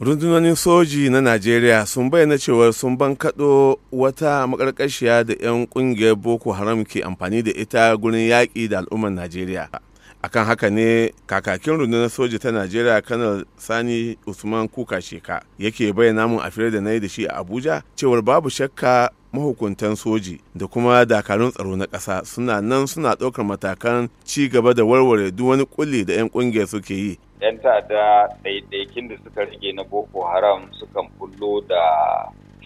rundunonin soji na najeriya sun bayyana cewar sun bankaɗo wata makarƙashiya da 'yan ƙungiyar boko haram ke amfani da ita gurin yaƙi da al'ummar najeriya akan haka ne kakakin rundunar soji ta najeriya kanar sani usman kuka sheka yake bayyana mun a fira da na yi da shi a abuja cewar babu shakka mahukuntan soji da kuma dakarun tsaro na ƙasa suna nan suna ɗaukar matakan ci gaba da warware duk wani kulli da 'yan ƙungiyar suke yi 'yan ta'adda ɗaiɗaikin da suka rage na boko haram sukan bullo da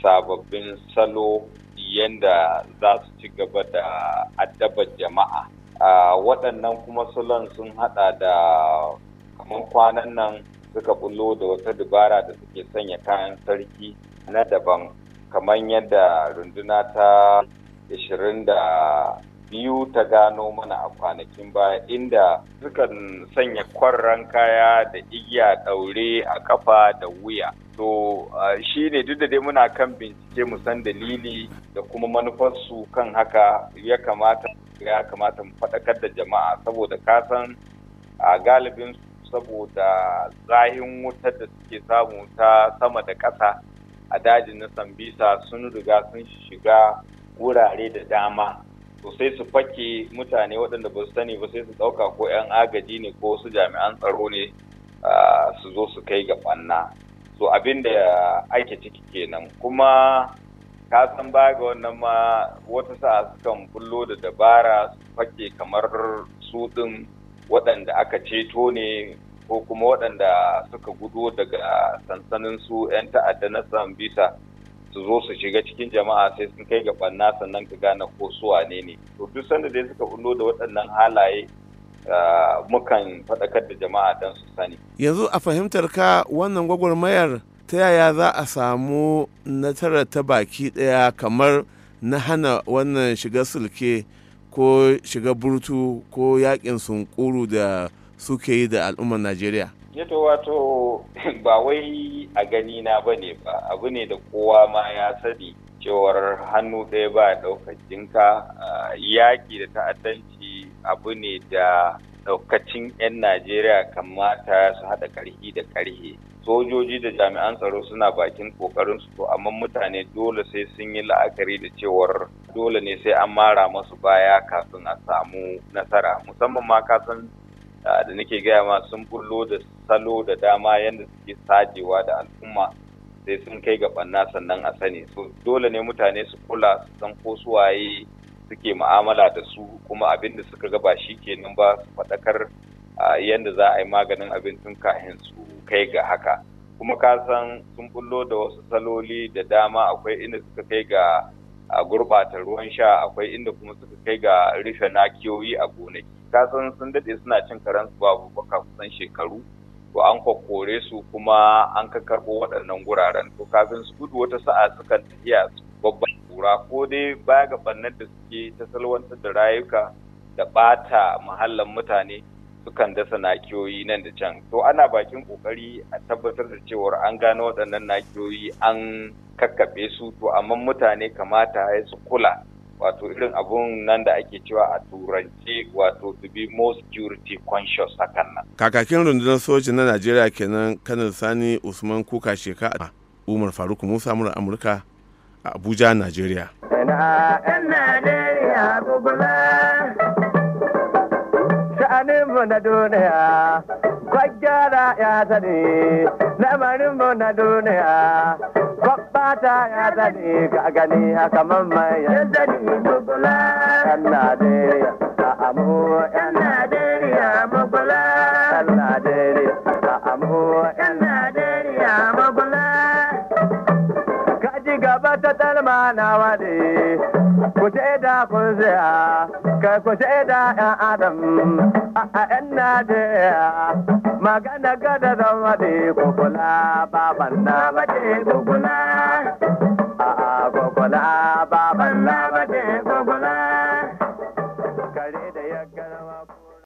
sababbin salo yadda za su ci gaba da addabar jama'a waɗannan kuma salon sun haɗa da kamar kwanan nan suka bullo da wata dubara da suke sanya kayan sarki na daban kamar yadda runduna ta ishirin da biyu ta gano mana a kwanakin baya inda sukan sanya kwarran kaya da igiya ɗaure a kafa da wuya to shi ne duk da dai muna kan bincike mu san dalili da kuma manufarsu kan haka ya kamata ya kamata mu faɗakar da jama'a saboda kasan a galibin saboda zahin wutar da suke samu ta sama da ƙasa a dajin na sambisa sun riga sun shiga wurare da dama to sai su fake mutane waɗanda ba su sani ba sai su ɗauka ko 'yan agaji ne ko su jami'an tsaro ne su zo su kai ga ɓanna so abin da ake ciki kenan kuma ka san ba ga wannan ma wata sa'a sukan kullo da dabara su fake kamar su ɗin waɗanda aka ceto ne ko kuma waɗanda suka gudo daga sansanin su 'yan ta'adda na san bisa su zo su shiga cikin jama'a sai sun kai ga banna sannan ka gane ko su wane ne to duk sanda dai suka bullo da waɗannan halaye ah, mukan faɗakar da jama'a don su sani yanzu a fahimtar ka wannan gwagwarmayar ta yaya za a samu nasarar ta baki ɗaya kamar na hana wannan shiga sulke ko shiga burtu ko yakin sunkuru da suke yi da al'ummar najeriya to wato ba wai a gani na ba ne ba abu ne da kowa ma ya sani cewar hannu ɗaya ba ɗaukar jinka yaƙi da ta'addanci abu ne da ɗaukacin 'yan najeriya kamata su haɗa ƙarfi da ƙarfe sojoji da jami'an tsaro suna bakin ƙoƙarinsu su to amma mutane dole sai sun yi la'akari da cewar dole ne sai an mara masu baya kafin a samu nasara musamman ma ka san Ah, da nake gaya ma sun bullo da salo da dama yadda suke sajewa da al'umma sai sun kai ga banna sannan a sani so dole ne mutane su kula su san ko suwaye suke mu'amala da su kuma abin da suka gaba shi kenan ba su faɗakar ah, yadda za a yi maganin abin tun kahin su kai ga haka kuma ka san sun bullo da wasu saloli da dama akwai inda suka kai ga ah, gurɓata ruwan sha akwai inda kuma suka kai ga rufe nakiyoyi a gonaki kasan sun daɗe suna cin karen su babu baka kusan shekaru to an kokore su kuma an karɓo waɗannan guraren to kafin su gudu wata sa'a sukan tafiya babban kura ko dai baya ga bannan da suke ta salwantar da rayuka da ɓata muhallan mutane sukan dasa nakiyoyi nan da can to ana bakin kokari a tabbatar da cewar an gano waɗannan nakiyoyi an kakkaɓe su to amma mutane kamata su kula wato irin abun nan da ake cewa a turanci wato to be more security conscious hakan nan kakakin rundunar soji na najeriya kenan kanar sani usman kuka sheka a umar faruk musa mura amurka a abuja najeriya sha'anin mu na duniya ya sani lamarin mu na duniya babba ta ya zane ka gani haka kaman ya zane mugula yan najeriya a amu yan najeriya mugula yan najeriya a amu yan najeriya mugula kaji gaba ta talma na wade ku da kun kai kuje da yan adam a yan najeriya magana gada zama ku kula baban na bace ku